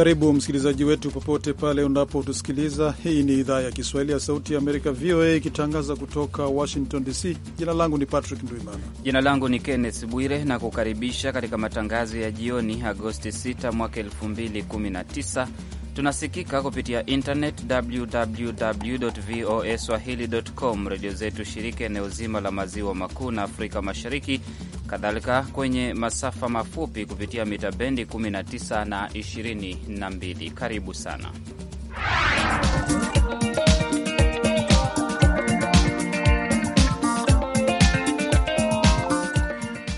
Karibu msikilizaji wetu popote pale unapotusikiliza. Hii ni idhaa ya Kiswahili ya Sauti ya Amerika, VOA, ikitangaza kutoka Washington DC. Jina langu ni Patrick Ndwimana. Jina langu ni Kenneth Bwire na kukaribisha katika matangazo ya jioni, Agosti 6 mwaka 2019. Tunasikika kupitia internet www voa swahili com, redio zetu shirika eneo zima la maziwa makuu na Afrika Mashariki, kadhalika kwenye masafa mafupi kupitia mita bendi 19 na 22. Karibu sana.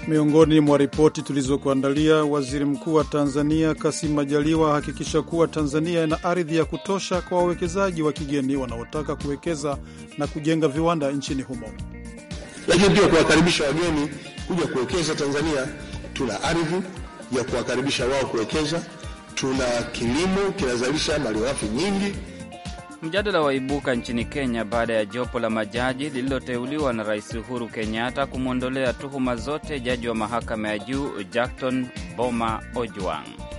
Miongoni mwa ripoti tulizokuandalia, waziri mkuu wa Tanzania kasim Majaliwa ahakikisha kuwa Tanzania ina ardhi ya kutosha kwa wawekezaji wa kigeni wanaotaka kuwekeza na kujenga viwanda nchini humo, lakini pia kuwakaribisha wageni kuja kuwekeza Tanzania. Tuna ardhi ya kuwakaribisha wao kuwekeza, tuna kilimo kinazalisha malighafi nyingi. Mjadala waibuka nchini Kenya baada ya jopo la majaji lililoteuliwa na Rais Uhuru Kenyatta kumwondolea tuhuma zote jaji wa mahakama ya juu Jackton Boma Ojwang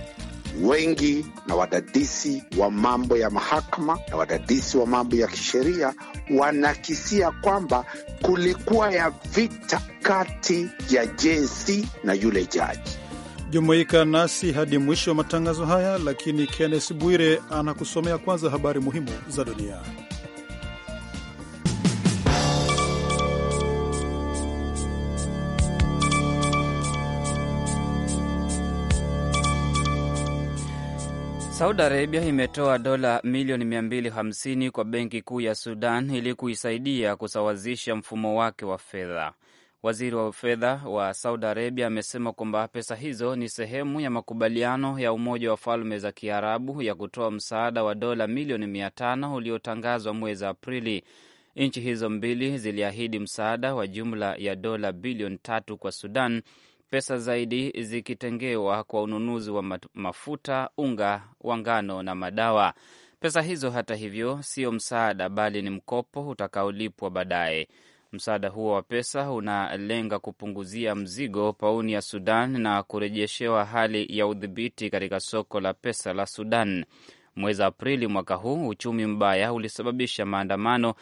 wengi na wadadisi wa mambo ya mahakama na wadadisi wa mambo ya kisheria wanakisia kwamba kulikuwa ya vita kati ya jesi na yule jaji. Jumuika nasi hadi mwisho wa matangazo haya, lakini Kennes Bwire anakusomea kwanza habari muhimu za dunia. Saudi Arabia imetoa dola milioni 250 kwa benki kuu ya Sudan ili kuisaidia kusawazisha mfumo wake wa fedha. Waziri wa fedha wa Saudi Arabia amesema kwamba pesa hizo ni sehemu ya makubaliano ya Umoja wa Falme za Kiarabu ya kutoa msaada wa dola milioni 500 uliotangazwa mwezi Aprili. Nchi hizo mbili ziliahidi msaada wa jumla ya dola bilioni tatu kwa Sudan pesa zaidi zikitengewa kwa ununuzi wa mafuta, unga wa ngano na madawa. Pesa hizo hata hivyo sio msaada, bali ni mkopo utakaolipwa baadaye. Msaada huo wa pesa unalenga kupunguzia mzigo pauni ya Sudan na kurejeshewa hali ya udhibiti katika soko la pesa la Sudan. Mwezi Aprili mwaka huu uchumi mbaya ulisababisha maandamano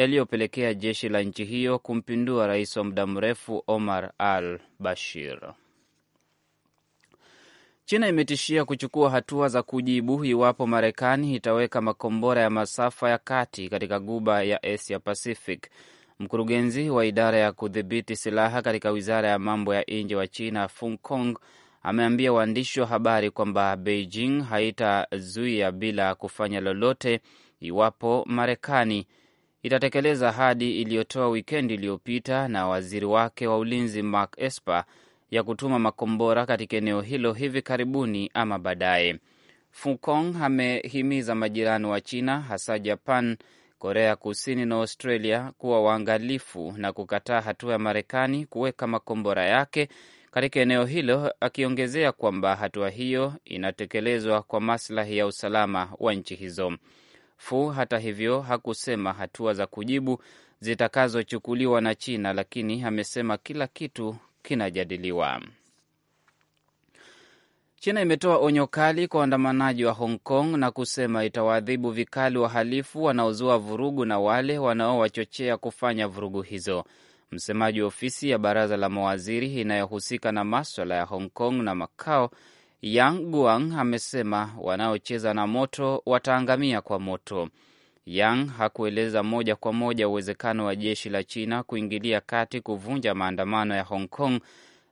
yaliyopelekea jeshi la nchi hiyo kumpindua rais wa muda mrefu Omar al Bashir. China imetishia kuchukua hatua za kujibu iwapo Marekani itaweka makombora ya masafa ya kati katika guba ya Asia Pacific. Mkurugenzi wa idara ya kudhibiti silaha katika wizara ya mambo ya nje wa China, Fung Kong, ameambia waandishi wa habari kwamba Beijing haitazuia bila kufanya lolote iwapo Marekani itatekeleza ahadi iliyotoa wikendi iliyopita na waziri wake wa ulinzi Mark Esper ya kutuma makombora katika eneo hilo hivi karibuni ama baadaye. Fukong amehimiza majirani wa China, hasa Japan, Korea Kusini na Australia kuwa waangalifu na kukataa hatua ya Marekani kuweka makombora yake katika eneo hilo, akiongezea kwamba hatua hiyo inatekelezwa kwa maslahi ya usalama wa nchi hizo. Fu hata hivyo hakusema hatua za kujibu zitakazochukuliwa na China, lakini amesema kila kitu kinajadiliwa. China imetoa onyo kali kwa waandamanaji wa Hong Kong na kusema itawaadhibu vikali wahalifu wanaozua vurugu na wale wanaowachochea kufanya vurugu hizo. Msemaji wa ofisi ya baraza la mawaziri inayohusika na maswala ya Hong Kong na makao Yang Guang amesema wanaocheza na moto wataangamia kwa moto. Yang hakueleza moja kwa moja uwezekano wa jeshi la China kuingilia kati kuvunja maandamano ya Hong Kong,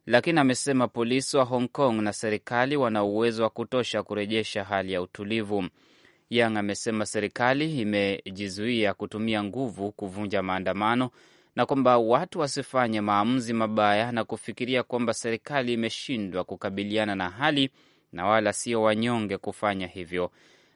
lakini amesema polisi wa Hong Kong na serikali wana uwezo wa kutosha kurejesha hali ya utulivu. Yang amesema serikali imejizuia kutumia nguvu kuvunja maandamano na kwamba watu wasifanye maamuzi mabaya na kufikiria kwamba serikali imeshindwa kukabiliana na hali na wala sio wanyonge kufanya hivyo.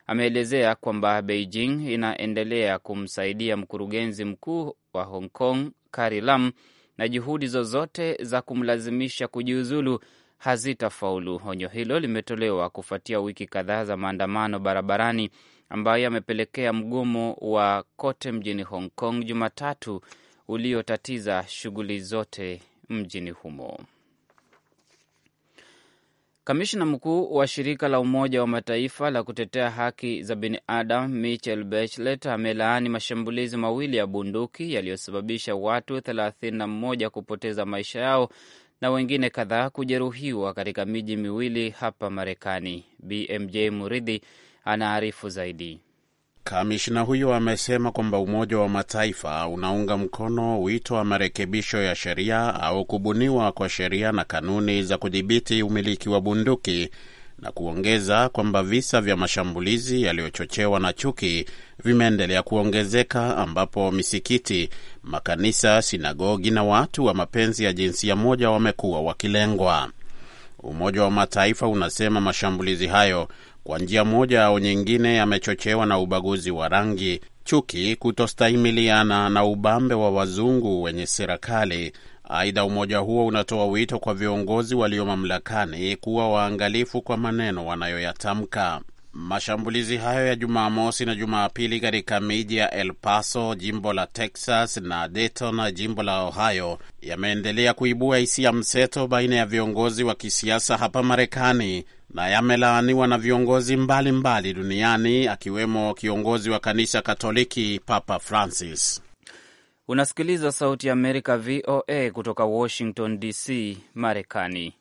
Ameelezea kwamba Beijing inaendelea kumsaidia mkurugenzi mkuu wa Hong Kong Carrie Lam na juhudi zozote za kumlazimisha kujiuzulu hazitafaulu. Onyo hilo limetolewa kufuatia wiki kadhaa za maandamano barabarani ambayo yamepelekea mgomo wa kote mjini Hong Kong Jumatatu uliotatiza shughuli zote mjini humo. Kamishna mkuu wa shirika la Umoja wa Mataifa la kutetea haki za binadamu Michel Bachelet amelaani mashambulizi mawili ya bunduki yaliyosababisha watu 31 kupoteza maisha yao na wengine kadhaa kujeruhiwa katika miji miwili hapa Marekani. BMJ Muridhi anaarifu zaidi. Kamishna huyo amesema kwamba Umoja wa Mataifa unaunga mkono wito wa marekebisho ya sheria au kubuniwa kwa sheria na kanuni za kudhibiti umiliki wa bunduki na kuongeza kwamba visa vya mashambulizi yaliyochochewa na chuki vimeendelea kuongezeka ambapo misikiti, makanisa, sinagogi na watu wa mapenzi ya jinsia moja wamekuwa wakilengwa. Umoja wa Mataifa unasema mashambulizi hayo kwa njia moja au nyingine yamechochewa na ubaguzi wa rangi, chuki, kutostahimiliana na ubambe wa wazungu wenye serikali Aidha, umoja huo unatoa wito kwa viongozi walio mamlakani kuwa waangalifu kwa maneno wanayoyatamka. Mashambulizi hayo ya Jumamosi na Jumapili katika miji ya El Paso, jimbo la Texas, na Dayton, jimbo la Ohio, yameendelea kuibua hisia mseto baina ya viongozi wa kisiasa hapa Marekani na yamelaaniwa na viongozi mbalimbali mbali duniani akiwemo kiongozi wa kanisa Katoliki Papa Francis. Unasikiliza Sauti ya Amerika, VOA, kutoka Washington DC, Marekani.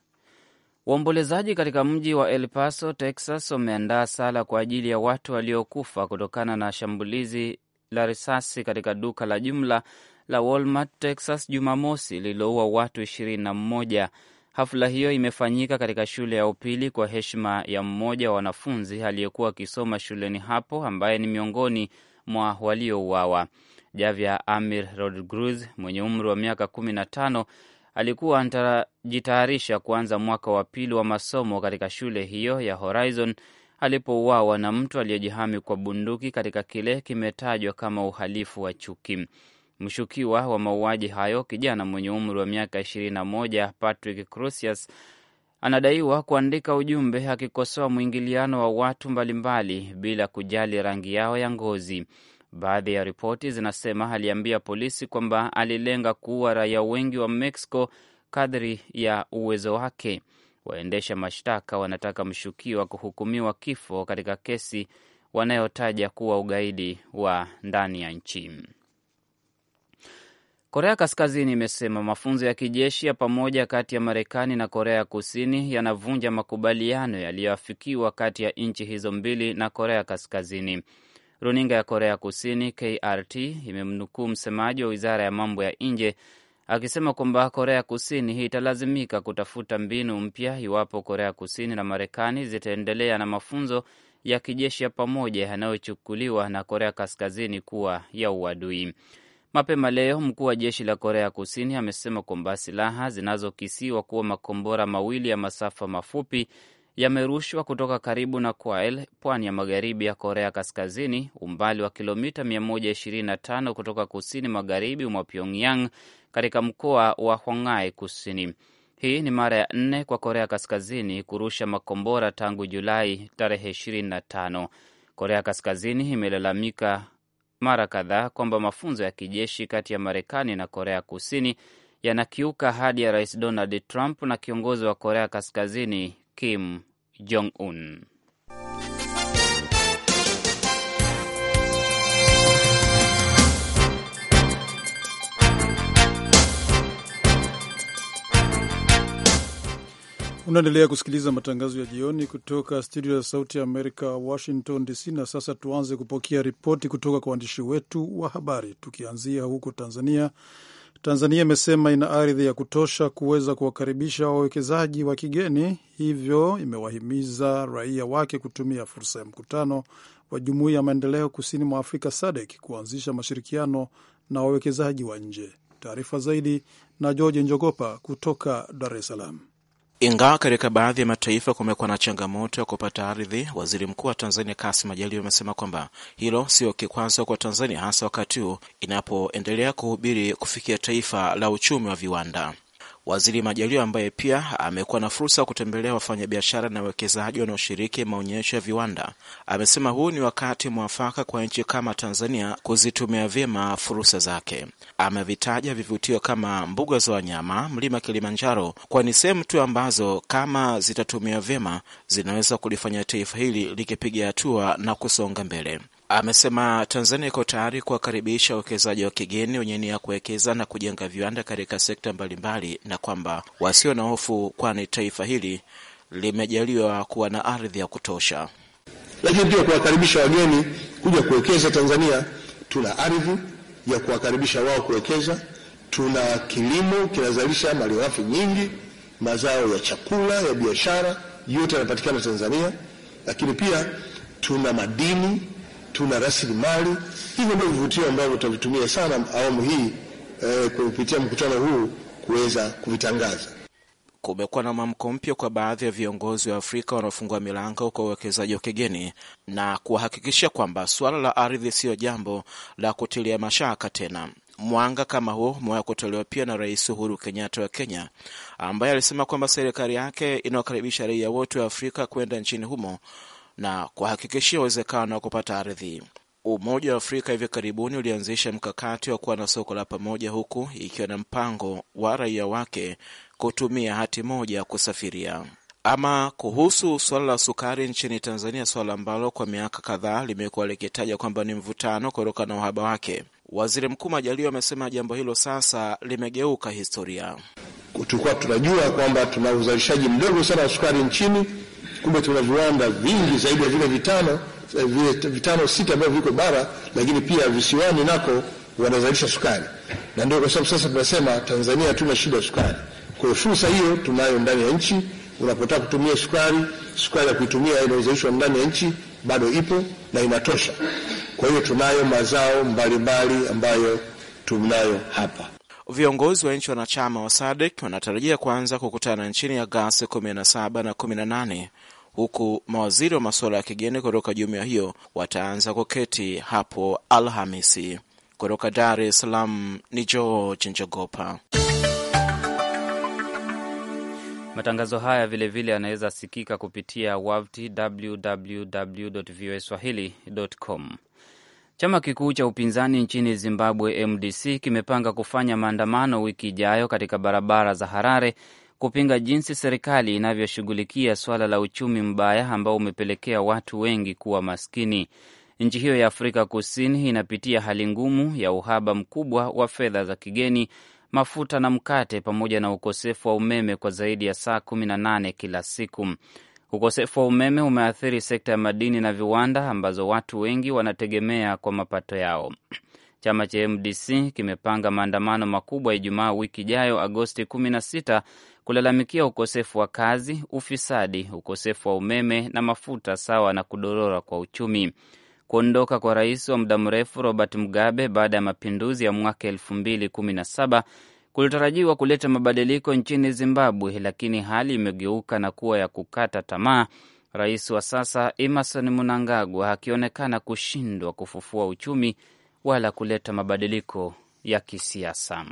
Waombolezaji katika mji wa El Paso, Texas, wameandaa sala kwa ajili ya watu waliokufa kutokana na shambulizi la risasi katika duka la jumla la Walmart, Texas, Jumamosi, lililoua watu ishirini na mmoja. Hafla hiyo imefanyika katika shule ya upili kwa heshima ya mmoja wa wanafunzi aliyekuwa akisoma shuleni hapo ambaye ni miongoni mwa waliouawa. Javia Amir Rodriguez mwenye umri wa miaka kumi na tano alikuwa anajitayarisha kuanza mwaka wa pili wa masomo katika shule hiyo ya Horizon alipouawa na mtu aliyejihami kwa bunduki katika kile kimetajwa kama uhalifu wa chuki. Mshukiwa wa mauaji hayo, kijana mwenye umri wa miaka 21, Patrick Crusius anadaiwa kuandika ujumbe akikosoa mwingiliano wa watu mbalimbali bila kujali rangi yao ya ngozi. Baadhi ya ripoti zinasema aliambia polisi kwamba alilenga kuua raia wengi wa Mexico kadri ya uwezo wake. Waendesha mashtaka wanataka mshukiwa kuhukumiwa kifo katika kesi wanayotaja kuwa ugaidi wa ndani ya nchi. Korea Kaskazini imesema mafunzo ya kijeshi ya pamoja kati ya Marekani na Korea ya Kusini yanavunja makubaliano yaliyoafikiwa kati ya nchi hizo mbili na Korea Kaskazini. Runinga ya Korea Kusini KRT imemnukuu msemaji wa wizara ya mambo ya nje akisema kwamba Korea Kusini italazimika kutafuta mbinu mpya iwapo Korea Kusini na Marekani zitaendelea na mafunzo ya kijeshi ya pamoja yanayochukuliwa na Korea Kaskazini kuwa ya uadui. Mapema leo mkuu wa jeshi la Korea Kusini amesema kwamba silaha zinazokisiwa kuwa makombora mawili ya masafa mafupi yamerushwa kutoka karibu na Kwael, pwani ya magharibi ya Korea Kaskazini, umbali wa kilomita 125 kutoka kusini magharibi mwa Pyongyang katika mkoa wa hwangae Kusini. Hii ni mara ya nne kwa Korea Kaskazini kurusha makombora tangu Julai tarehe 25. Korea Kaskazini imelalamika mara kadhaa kwamba mafunzo ya kijeshi kati ya Marekani na Korea Kusini yanakiuka ahadi ya Rais Donald Trump na kiongozi wa Korea Kaskazini Kim Jong-un. Unaendelea kusikiliza matangazo ya jioni kutoka studio ya Sauti ya Amerika, Washington DC. Na sasa tuanze kupokea ripoti kutoka kwa waandishi wetu wa habari, tukianzia huko Tanzania Tanzania imesema ina ardhi ya kutosha kuweza kuwakaribisha wawekezaji wa kigeni, hivyo imewahimiza raia wake kutumia fursa ya mkutano wa Jumuiya ya Maendeleo Kusini mwa Afrika SADC kuanzisha mashirikiano na wawekezaji wa nje. Taarifa zaidi na George Njogopa kutoka Dar es Salaam. Ingawa katika baadhi ya mataifa kumekuwa na changamoto ya kupata ardhi, waziri mkuu wa Tanzania Kassim Majaliwa amesema kwamba hilo sio kikwazo kwa Tanzania, hasa wakati huu inapoendelea kuhubiri kufikia taifa la uchumi wa viwanda. Waziri Majaliwa ambaye pia amekuwa na fursa ya kutembelea wafanyabiashara na wawekezaji wanaoshiriki maonyesho ya viwanda amesema huu ni wakati mwafaka kwa nchi kama Tanzania kuzitumia vyema fursa zake. Amevitaja vivutio kama mbuga za wanyama, mlima Kilimanjaro, kwani sehemu tu ambazo kama zitatumia vyema zinaweza kulifanya taifa hili likipiga hatua na kusonga mbele amesema Tanzania iko tayari kuwakaribisha wawekezaji wa kigeni wenye nia ya kuwekeza na kujenga viwanda katika sekta mbalimbali, na kwamba wasio na hofu, kwani taifa hili limejaliwa kuwa na ardhi ya kutosha. Lakini pia kuwakaribisha wageni kuja kuwekeza Tanzania, tuna ardhi ya kuwakaribisha wao kuwekeza, tuna kilimo kinazalisha malighafi nyingi, mazao ya chakula, ya biashara, yote yanapatikana Tanzania, lakini pia tuna madini tuna rasilimali. Hivyo ndio vivutio ambavyo tutavitumia sana awamu hii eh, kupitia mkutano huu kuweza kuvitangaza. Kumekuwa na mwamko mpya kwa baadhi ya viongozi wa Afrika wanaofungua milango kwa uwekezaji wa kigeni na kuwahakikisha kwamba suala la ardhi siyo jambo la kutilia mashaka tena. Mwanga kama huo umewahi kutolewa pia na Rais Uhuru Kenyatta wa Kenya, ambaye alisema kwamba serikali yake inawakaribisha raia wote wa Afrika kwenda nchini humo na kuhakikishia uwezekano wa kupata ardhi. Umoja wa Afrika hivi karibuni ulianzisha mkakati wa kuwa na soko la pamoja, huku ikiwa na mpango wa raia wake kutumia hati moja kusafiria. Ama kuhusu suala la sukari nchini Tanzania, suala ambalo kwa miaka kadhaa limekuwa likitaja kwamba ni mvutano kutoka na uhaba wake, Waziri Mkuu Majaliwa amesema jambo hilo sasa limegeuka historia. Tulikuwa tunajua kwamba tuna uzalishaji mdogo sana wa sukari nchini kumbe tuna viwanda vingi zaidi ya vile vitano, eh, vile vitano sita ambavyo viko bara, lakini pia visiwani nako wanazalisha sukari, na ndio kwa sababu sasa tunasema Tanzania hatuna shida ya sukari. Kwa hiyo fursa hiyo tunayo ndani ya nchi. Unapotaka kutumia sukari, sukari ya kuitumia inayozalishwa ndani ya nchi bado ipo na inatosha. Kwa hiyo tunayo mazao mbalimbali mbali ambayo tunayo hapa. Viongozi wa nchi wanachama wa SADC wanatarajia kuanza kukutana nchini Agosti 17 na 18 huku mawaziri wa masuala ya kigeni kutoka jumuiya hiyo wataanza kuketi hapo Alhamisi. Kutoka Dar es Salaam ni George Njogopa. Matangazo haya vilevile yanaweza sikika kupitia wavuti www.voaswahili.com. Chama kikuu cha upinzani nchini Zimbabwe, MDC, kimepanga kufanya maandamano wiki ijayo katika barabara za Harare kupinga jinsi serikali inavyoshughulikia swala la uchumi mbaya ambao umepelekea watu wengi kuwa maskini. Nchi hiyo ya Afrika Kusini inapitia hali ngumu ya uhaba mkubwa wa fedha za kigeni, mafuta na mkate, pamoja na ukosefu wa umeme kwa zaidi ya saa kumi na nane kila siku. Ukosefu wa umeme umeathiri sekta ya madini na viwanda ambazo watu wengi wanategemea kwa mapato yao. Chama cha MDC kimepanga maandamano makubwa Ijumaa wiki ijayo Agosti sita kulalamikia ukosefu wa kazi, ufisadi, ukosefu wa umeme na mafuta, sawa na kudorora kwa uchumi. Kuondoka kwa rais wa muda mrefu Robert Mugabe baada ya mapinduzi ya mwaka elfu mbili kumi na saba kulitarajiwa kuleta mabadiliko nchini Zimbabwe, lakini hali imegeuka na kuwa ya kukata tamaa, rais wa sasa Emerson Mnangagwa akionekana kushindwa kufufua uchumi wala kuleta mabadiliko ya kisiasa.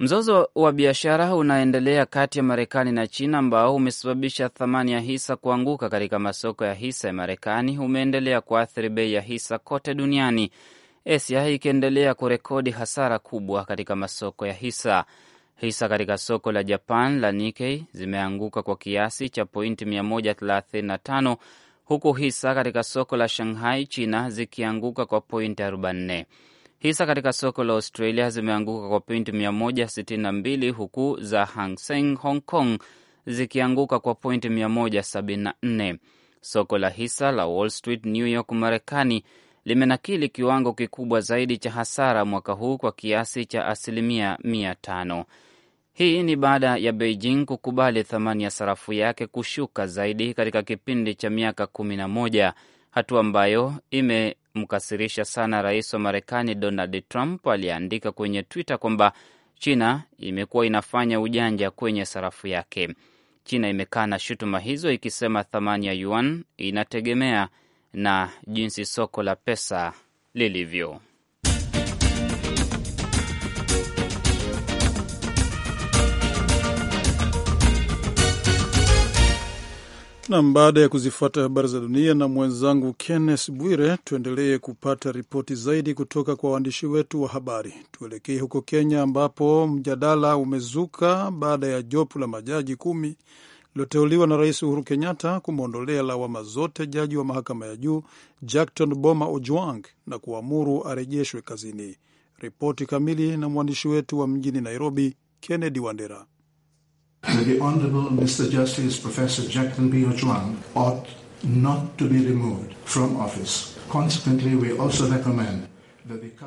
Mzozo wa biashara unaendelea kati ya Marekani na China ambao umesababisha thamani ya hisa kuanguka katika masoko ya hisa ya Marekani umeendelea kuathiri bei ya hisa kote duniani, Asia ikiendelea kurekodi hasara kubwa katika masoko ya hisa. Hisa katika soko la Japan la Nikkei zimeanguka kwa kiasi cha pointi 135 huku hisa katika soko la Shanghai, China zikianguka kwa pointi 44. Hisa katika soko la Australia zimeanguka kwa pointi 162 huku za Hang Seng Hong Kong zikianguka kwa pointi 174. Soko la hisa la Wall Street New York Marekani limenakili kiwango kikubwa zaidi cha hasara mwaka huu kwa kiasi cha asilimia 500. Hii ni baada ya Beijing kukubali thamani ya sarafu yake kushuka zaidi katika kipindi cha miaka 11, hatua ambayo ime kumkasirisha sana rais wa Marekani Donald Trump aliyeandika kwenye Twitter kwamba China imekuwa inafanya ujanja kwenye sarafu yake. China imekaa na shutuma hizo ikisema thamani ya yuan inategemea na jinsi soko la pesa lilivyo. Nam, baada ya kuzifuata habari za dunia na mwenzangu Kenneth Bwire, tuendelee kupata ripoti zaidi kutoka kwa waandishi wetu wa habari. Tuelekee huko Kenya, ambapo mjadala umezuka baada ya jopo la majaji kumi lilioteuliwa na Rais Uhuru Kenyatta kumwondolea lawama zote jaji wa mahakama ya juu Jackton Boma Ojwang na kuamuru arejeshwe kazini. Ripoti kamili na mwandishi wetu wa mjini Nairobi, Kennedy Wandera. that the Honourable Mr. Justice Professor Jackson B. Chuan ought not to be removed from office. Consequently, we also recommend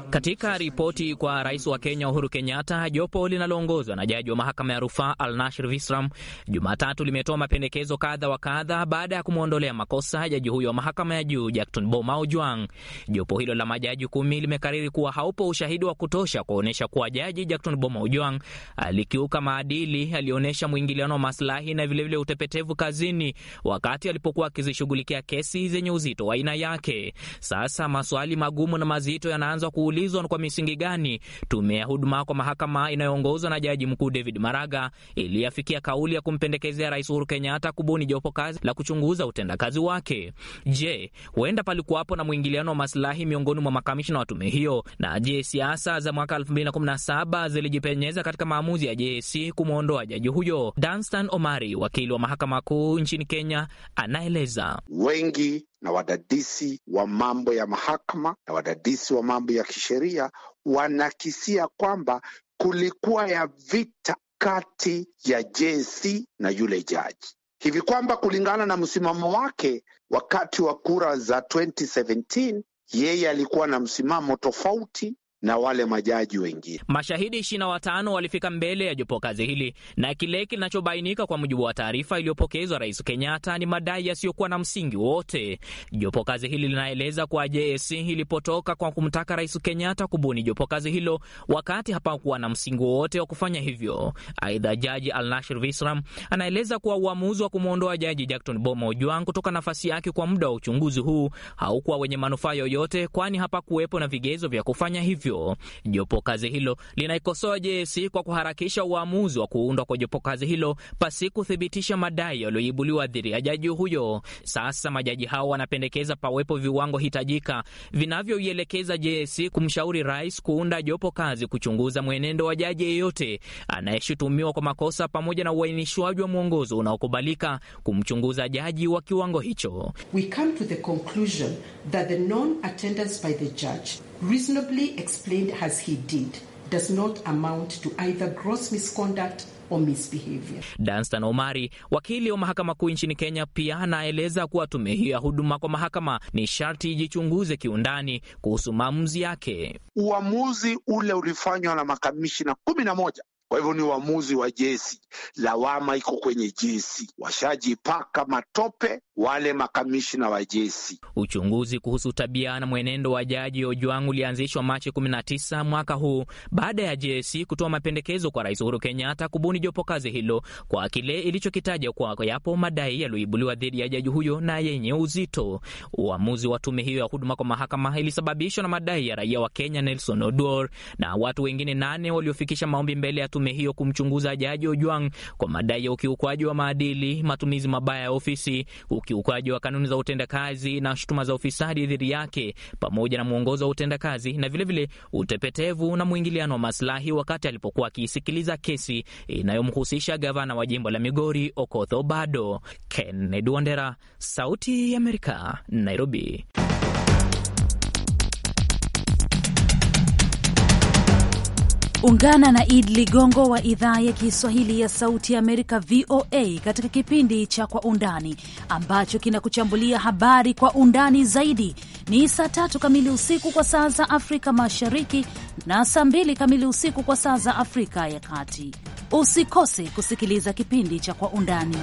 Katika ripoti kwa rais wa Kenya Uhuru Kenyatta, jopo linaloongozwa na jaji wa mahakama ya rufaa al Visram Jumatatu limetoa mapendekezo kadha wa kadha baada ya kumwondolea makosa jaji huyo wa mahakama ya juu Jackton Boma Ojwang. Jopo hilo la majaji kumi limekariri kuwa haupo ushahidi wa kutosha kuonyesha kuwa jaji Jackton Boma Ojwang alikiuka maadili, alionyesha mwingiliano wa maslahi na vilevile vile utepetevu kazini wakati alipokuwa akizishughulikia kesi zenye uzito wa aina yake. Sasa maswali magumu na mazito yana itaanza kuulizwa kwa misingi gani tume ya huduma kwa mahakama inayoongozwa na Jaji Mkuu David Maraga iliyafikia kauli ya kumpendekezea Rais Uhuru Kenyatta kubuni jopo kazi la kuchunguza utendakazi wake. Je, huenda palikuwapo na mwingiliano wa masilahi miongoni mwa makamishina wa tume hiyo? Na je, siasa za mwaka 2017 zilijipenyeza katika maamuzi ya JSC kumwondoa jaji huyo? Danstan Omari, wakili wa mahakama kuu nchini Kenya, anaeleza. Wengi na wadadisi wa mambo ya mahakama na wadadisi wa mambo ya kisheria wanakisia kwamba kulikuwa ya vita kati ya JC na yule jaji hivi kwamba kulingana na msimamo wake wakati wa kura za 2017 yeye alikuwa na msimamo tofauti na wale majaji wengine. Mashahidi ishirini na watano walifika mbele ya jopo kazi hili, na kile kinachobainika kwa mujibu wa taarifa iliyopokezwa Rais Kenyatta ni madai yasiyokuwa na msingi wote. Jopo kazi hili linaeleza kuwa JSC ilipotoka kwa kumtaka Rais Kenyatta kubuni jopo kazi hilo wakati hapakuwa na msingi wowote wa kufanya hivyo. Aidha, Jaji Alnashir Visram anaeleza kuwa uamuzi wa kumwondoa Jaji Jackton Boma Ojwang kutoka nafasi yake kwa muda wa uchunguzi huu haukuwa wenye manufaa yoyote, kwani hapakuwepo na vigezo vya kufanya hivyo hiyo. Jopo kazi hilo linaikosoa JSC kwa kuharakisha uamuzi wa kuundwa kwa jopo kazi hilo pasi kuthibitisha madai yaliyoibuliwa dhidi ya jaji huyo. Sasa majaji hao wanapendekeza pawepo viwango hitajika vinavyoielekeza JSC kumshauri rais kuunda jopo kazi kuchunguza mwenendo wa jaji yeyote anayeshutumiwa kwa makosa pamoja na uainishwaji wa mwongozo unaokubalika kumchunguza jaji wa kiwango hicho. We come to the conclusion that the non-attendance by the judge reasonably explained as he did, does not amount to either gross misconduct Danstan Omari, wakili wa mahakama kuu nchini Kenya, pia anaeleza kuwa tume hiyo ya huduma kwa mahakama ni sharti ijichunguze kiundani kuhusu maamuzi yake. Uamuzi ule ulifanywa na makamishina kumi na moja. Kwa hivyo ni uamuzi wa jesi, lawama iko kwenye jesi, washajipaka matope wale makamishna wa jesi. Uchunguzi kuhusu tabia na mwenendo wa Jaji Ojwang ulianzishwa Machi 19 mwaka huu baada ya jesi kutoa mapendekezo kwa Rais Uhuru Kenyatta kubuni jopo kazi hilo kwa kile ilichokitaja kuwa yapo madai yaliyoibuliwa dhidi ya jaji huyo na yenye uzito. Uamuzi wa tume hiyo ya huduma kwa mahakama ilisababishwa na madai ya raia wa Kenya Nelson Oduor na watu wengine nane waliofikisha maombi mbele ya tume hiyo kumchunguza Jaji Ojwang kwa madai ya ukiukwaji wa maadili, matumizi mabaya ya ofisi ukiukwaji wa kanuni za utendakazi na shutuma za ufisadi dhidi yake pamoja na mwongozo wa utendakazi na vilevile vile utepetevu na mwingiliano wa maslahi, wakati alipokuwa akiisikiliza kesi inayomhusisha gavana wa jimbo la Migori Okoth Obado. Kennedy Wandera, Sauti ya Amerika, Nairobi. Ungana na Id Ligongo wa idhaa ya Kiswahili ya Sauti ya Amerika, VOA, katika kipindi cha Kwa Undani ambacho kinakuchambulia habari kwa undani zaidi. Ni saa tatu kamili usiku kwa saa za Afrika Mashariki na saa mbili kamili usiku kwa saa za Afrika ya Kati. Usikose kusikiliza kipindi cha Kwa Undani.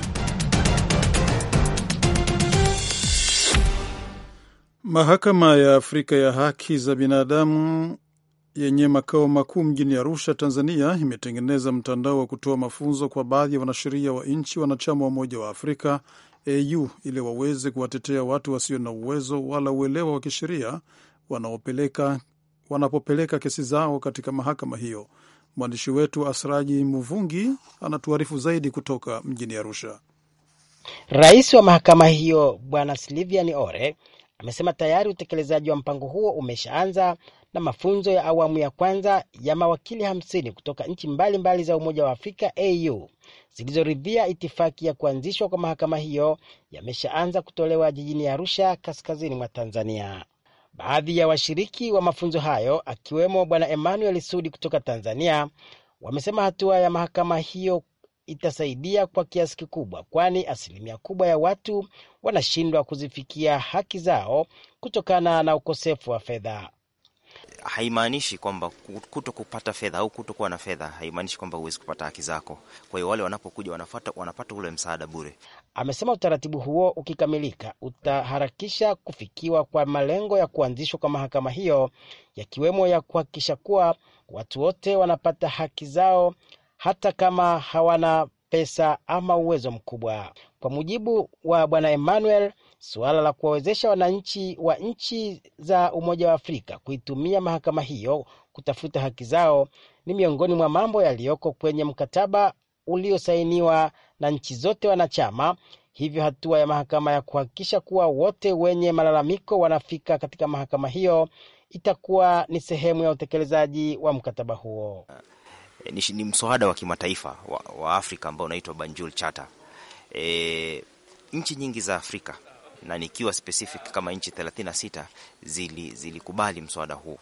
Mahakama ya Afrika ya Haki za Binadamu yenye makao makuu mjini Arusha, Tanzania, imetengeneza mtandao wa kutoa mafunzo kwa baadhi ya wanasheria wa nchi wanachama wa Umoja wa Afrika AU ili waweze kuwatetea watu wasio na uwezo wala uelewa wa kisheria wanapopeleka kesi zao katika mahakama hiyo. Mwandishi wetu Asraji Muvungi anatuarifu zaidi kutoka mjini Arusha. Rais wa mahakama hiyo Bwana sliviani Ore amesema tayari utekelezaji wa mpango huo umeshaanza na mafunzo ya awamu ya kwanza ya mawakili hamsini kutoka nchi mbalimbali za Umoja wa Afrika AU zilizoridhia itifaki ya kuanzishwa kwa mahakama hiyo yameshaanza kutolewa jijini Arusha, kaskazini mwa Tanzania. Baadhi ya washiriki wa mafunzo hayo akiwemo Bwana Emmanuel Sudi kutoka Tanzania wamesema hatua ya mahakama hiyo itasaidia kwa kiasi kikubwa, kwani asilimia kubwa ya watu wanashindwa kuzifikia haki zao kutokana na ukosefu wa fedha haimaanishi kwamba kuto kupata fedha au kutokuwa na fedha haimaanishi kwamba huwezi kupata haki zako. Kwa hiyo wale wanapokuja wanapata, wanapata ule msaada bure. Amesema utaratibu huo ukikamilika utaharakisha kufikiwa kwa malengo ya kuanzishwa kwa mahakama hiyo, yakiwemo ya kuhakikisha kuwa watu wote wanapata haki zao hata kama hawana pesa ama uwezo mkubwa. Kwa mujibu wa Bwana Emmanuel suala la kuwawezesha wananchi wa nchi za Umoja wa Afrika kuitumia mahakama hiyo kutafuta haki zao ni miongoni mwa mambo yaliyoko kwenye mkataba uliosainiwa na nchi zote wanachama. Hivyo, hatua ya mahakama ya kuhakikisha kuwa wote wenye malalamiko wanafika katika mahakama hiyo itakuwa ni sehemu ya utekelezaji wa mkataba huo. Eh, ni, ni mswada wa kimataifa wa, wa Afrika ambao unaitwa Banjul Charter. E, nchi nyingi za Afrika na nikiwa specific kama nchi 36 zili zilikubali mswada huu.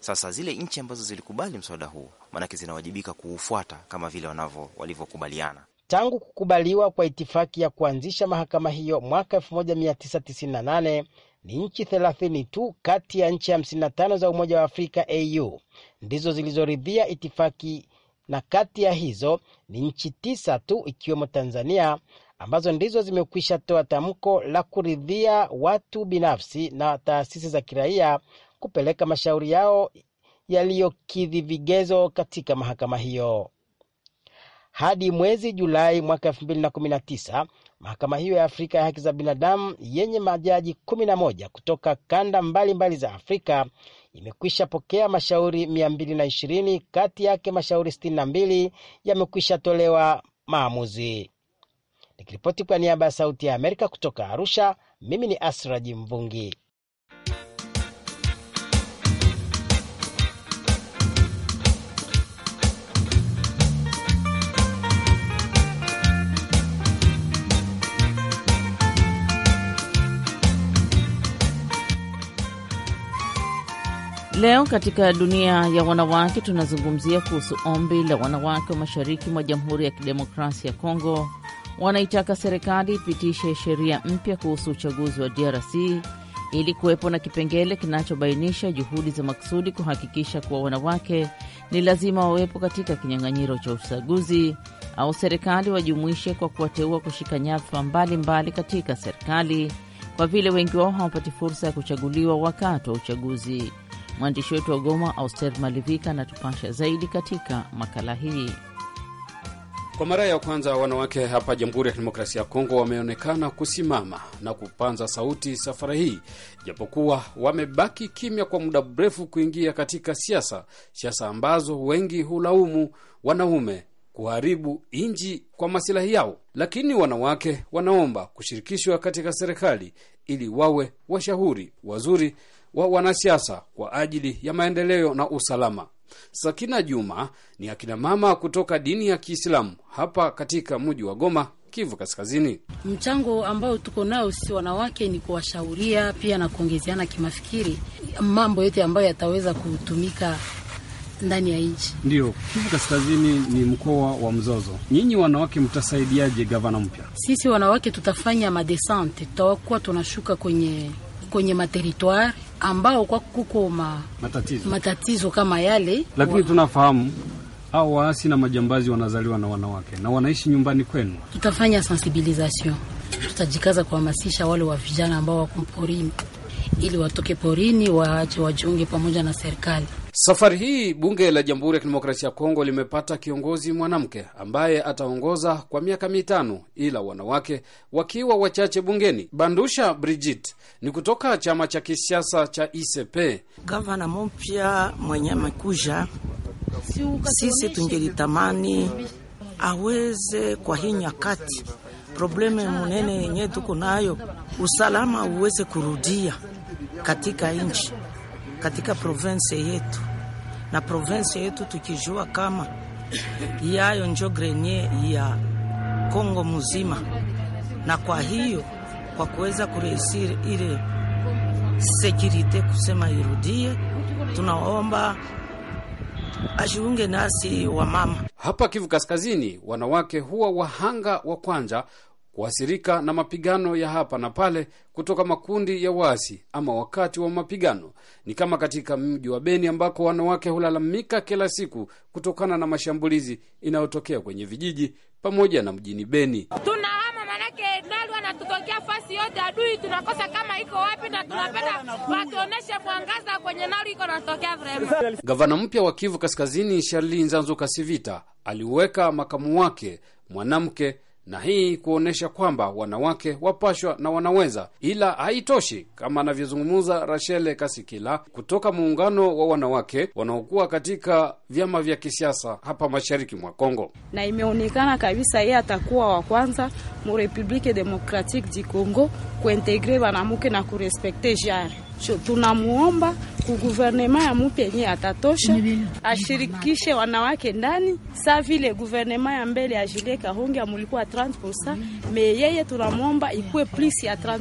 Sasa zile nchi ambazo zilikubali mswada huu, maanake zinawajibika kuufuata kama vile wanavyo walivyokubaliana. Tangu kukubaliwa kwa itifaki ya kuanzisha mahakama hiyo mwaka 1998 ni nchi 30 tu kati ya nchi 55 za Umoja wa Afrika AU ndizo zilizoridhia itifaki, na kati ya hizo ni nchi tisa tu ikiwemo Tanzania ambazo ndizo zimekwisha toa tamko la kuridhia watu binafsi na taasisi za kiraia kupeleka mashauri yao yaliyokidhi vigezo katika mahakama hiyo. Hadi mwezi Julai mwaka 2019 mahakama hiyo ya Afrika ya haki za binadamu yenye majaji 11 kutoka kanda mbalimbali mbali za Afrika imekwisha pokea mashauri 220, kati yake mashauri 62 yamekwisha tolewa maamuzi. Nikiripoti kwa niaba ya Sauti ya Amerika kutoka Arusha, mimi ni Asraji Mvungi. Leo katika dunia ya wanawake tunazungumzia kuhusu ombi la wanawake wa mashariki mwa Jamhuri ya Kidemokrasia ya Kongo wanaitaka serikali ipitishe sheria mpya kuhusu uchaguzi wa DRC ili kuwepo na kipengele kinachobainisha juhudi za maksudi kuhakikisha kuwa wanawake ni lazima wawepo katika kinyang'anyiro cha uchaguzi au serikali wajumuishe kwa kuwateua kushika nyadhifa mbalimbali katika serikali kwa vile wengi wao hawapati fursa ya kuchaguliwa wakati wa uchaguzi. Mwandishi wetu wa Goma, Auster Malivika, anatupasha zaidi katika makala hii. Kwa mara ya kwanza wanawake hapa Jamhuri ya Kidemokrasia ya Kongo wameonekana kusimama na kupanza sauti safari hii, japokuwa wamebaki kimya kwa muda mrefu kuingia katika siasa, siasa ambazo wengi hulaumu wanaume kuharibu nchi kwa masilahi yao, lakini wanawake wanaomba kushirikishwa katika serikali ili wawe washauri wazuri wa wanasiasa kwa ajili ya maendeleo na usalama. Sakina Juma ni akinamama kutoka dini ya Kiislamu hapa katika mji wa Goma, Kivu Kaskazini. Mchango ambao tuko nao sisi wanawake ni kuwashauria pia na kuongezeana kimafikiri mambo yote ambayo yataweza kutumika ndani ya nchi. Ndio, Kivu Kaskazini ni mkoa wa mzozo. Nyinyi wanawake mtasaidiaje gavana mpya? Sisi wanawake tutafanya madesante, tutakuwa tunashuka kwenye kwenye materitoire ambao kwa kuko ma, matatizo. matatizo kama yale, lakini tunafahamu au waasi na majambazi wanazaliwa na wanawake na wanaishi nyumbani kwenu. Tutafanya sensibilisation, tutajikaza kuhamasisha wale wa vijana ambao wako porini, ili watoke porini, waache wajiunge pamoja na serikali. Safari hii bunge la Jamhuri ya Kidemokrasia ya Kongo limepata kiongozi mwanamke ambaye ataongoza kwa miaka mitano, ila wanawake wakiwa wachache bungeni. Bandusha Brigit ni kutoka chama cha kisiasa cha ICP. Gavana mpya mwenye amekuja, sisi tungelitamani aweze kwa hii nyakati probleme munene yenye tuko nayo usalama uweze kurudia katika nchi katika province yetu, na province yetu tukijua kama yayo njo grenier ya Kongo mzima, na kwa hiyo kwa kuweza kurehisiri ile sekirite kusema irudie, tunaomba ajiunge nasi wa mama hapa Kivu Kaskazini. Wanawake huwa wahanga wa kwanza kuasirika na mapigano ya hapa na pale kutoka makundi ya waasi ama wakati wa mapigano, ni kama katika mji wa Beni ambako wanawake hulalamika kila siku kutokana na mashambulizi inayotokea kwenye vijiji pamoja na mjini Beni. Tunahama manake fasi yote, adui tunakosa kama iko wapi, na tunapenda watuoneshe mwangaza kwenye iko natokea vrema. Gavana mpya wa Kivu Kaskazini Sharli Nzanzu Kasivita aliweka makamu wake mwanamke na hii kuonyesha kwamba wanawake wapashwa na wanaweza, ila haitoshi. Kama anavyozungumza Rashele Kasikila kutoka muungano wa wanawake wanaokuwa katika vyama vya kisiasa hapa mashariki mwa Kongo, na imeonekana kabisa yeye atakuwa wa kwanza mu Republique Democratique du Congo kuintegre wanamke na kurespekte jare, Tunamuomba kuguvernema ya mupya atatosha, ashirikishe wanawake ndani, saa vile guvernema ya mbele ya Julien Kahonge amulikuwa 30% me yeye tunamwomba ikuwe plus ya 30%.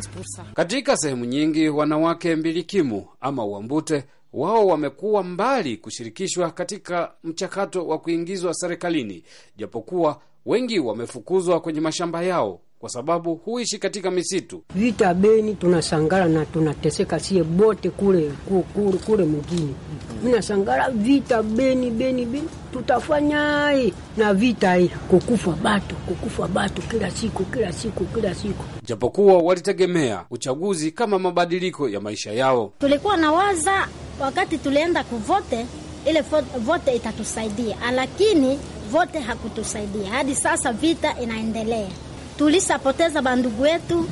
Katika sehemu nyingi wanawake mbilikimu ama uambute wao wamekuwa mbali kushirikishwa katika mchakato wa kuingizwa serikalini, japokuwa wengi wamefukuzwa kwenye mashamba yao kwa sababu huishi katika misitu. Vita Beni tunasangala na tunateseka sie bote kule kule, kule mugini minasangara vita Beni Beni Beni tutafanyai na vita hii kukufa batu kukufa batu kila siku kila siku kila siku. Japokuwa walitegemea uchaguzi kama mabadiliko ya maisha yao, tulikuwa na waza wakati tulienda kuvote ile vote itatusaidia, lakini vote hakutusaidia. Hadi sasa vita inaendelea tulisapoteza bandugu wetu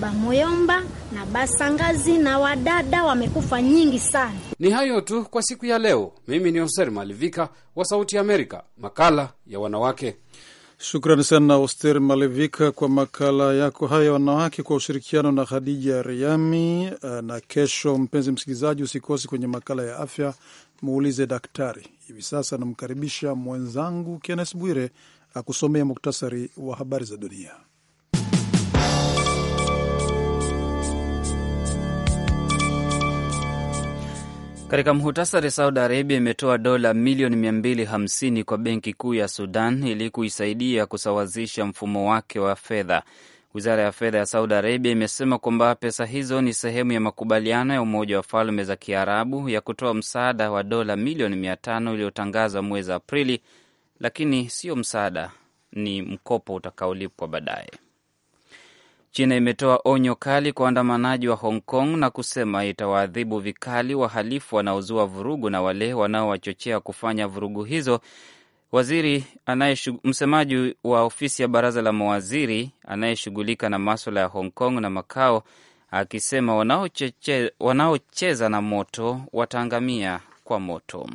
Bamoyomba na Basangazi na wadada wamekufa nyingi sana. Ni hayo tu kwa siku ya leo. Mimi ni oster Malivika wa Sauti ya Amerika, makala ya wanawake. Shukrani sana Oster Malevika kwa makala yako haya ya wanawake, kwa ushirikiano na Khadija Riami. Eh, na kesho, mpenzi msikilizaji, usikosi kwenye makala ya afya, muulize daktari. Hivi sasa namkaribisha mwenzangu Kennes Bwire akusomea muktasari wa habari za dunia. Katika muhtasari, Saudi Arabia imetoa dola milioni 250 kwa benki kuu ya Sudan ili kuisaidia kusawazisha mfumo wake wa fedha. Wizara ya fedha ya Saudi Arabia imesema kwamba pesa hizo ni sehemu ya makubaliano ya Umoja wa Falme za Kiarabu ya kutoa msaada wa dola milioni 500 iliyotangazwa mwezi Aprili lakini sio msaada, ni mkopo utakaolipwa baadaye. China imetoa onyo kali kwa waandamanaji wa Hong Kong na kusema itawaadhibu vikali wahalifu wanaozua vurugu na wale wanaowachochea kufanya vurugu hizo. Waziri msemaji wa ofisi ya baraza la mawaziri anayeshughulika na maswala ya Hong Kong na Makao akisema wanaocheza na moto wataangamia kwa moto.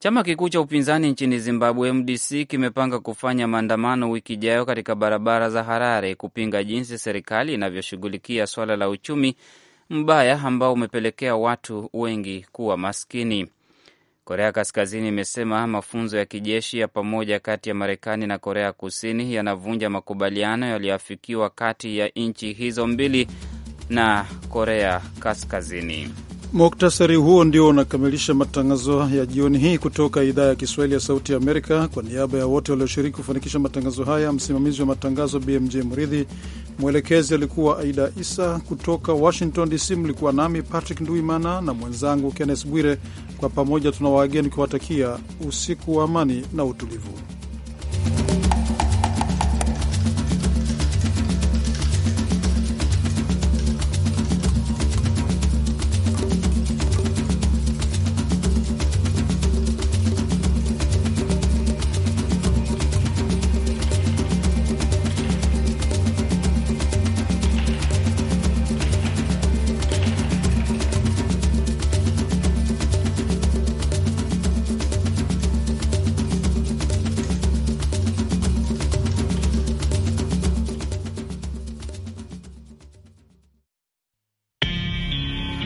Chama kikuu cha upinzani nchini Zimbabwe, MDC, kimepanga kufanya maandamano wiki ijayo katika barabara za Harare kupinga jinsi serikali inavyoshughulikia swala la uchumi mbaya ambao umepelekea watu wengi kuwa maskini. Korea Kaskazini imesema mafunzo ya kijeshi ya pamoja kati ya Marekani na Korea Kusini yanavunja makubaliano yaliyoafikiwa kati ya nchi hizo mbili na Korea Kaskazini. Muktasari huo ndio unakamilisha matangazo ya jioni hii kutoka idhaa ya Kiswahili ya Sauti Amerika. Kwa niaba ya wote walioshiriki kufanikisha matangazo haya, msimamizi wa matangazo BMJ Mridhi, mwelekezi alikuwa Aida Isa kutoka Washington DC. Mlikuwa nami Patrick Nduimana na mwenzangu Kennes Bwire, kwa pamoja tuna wageni kuwatakia usiku wa amani na utulivu.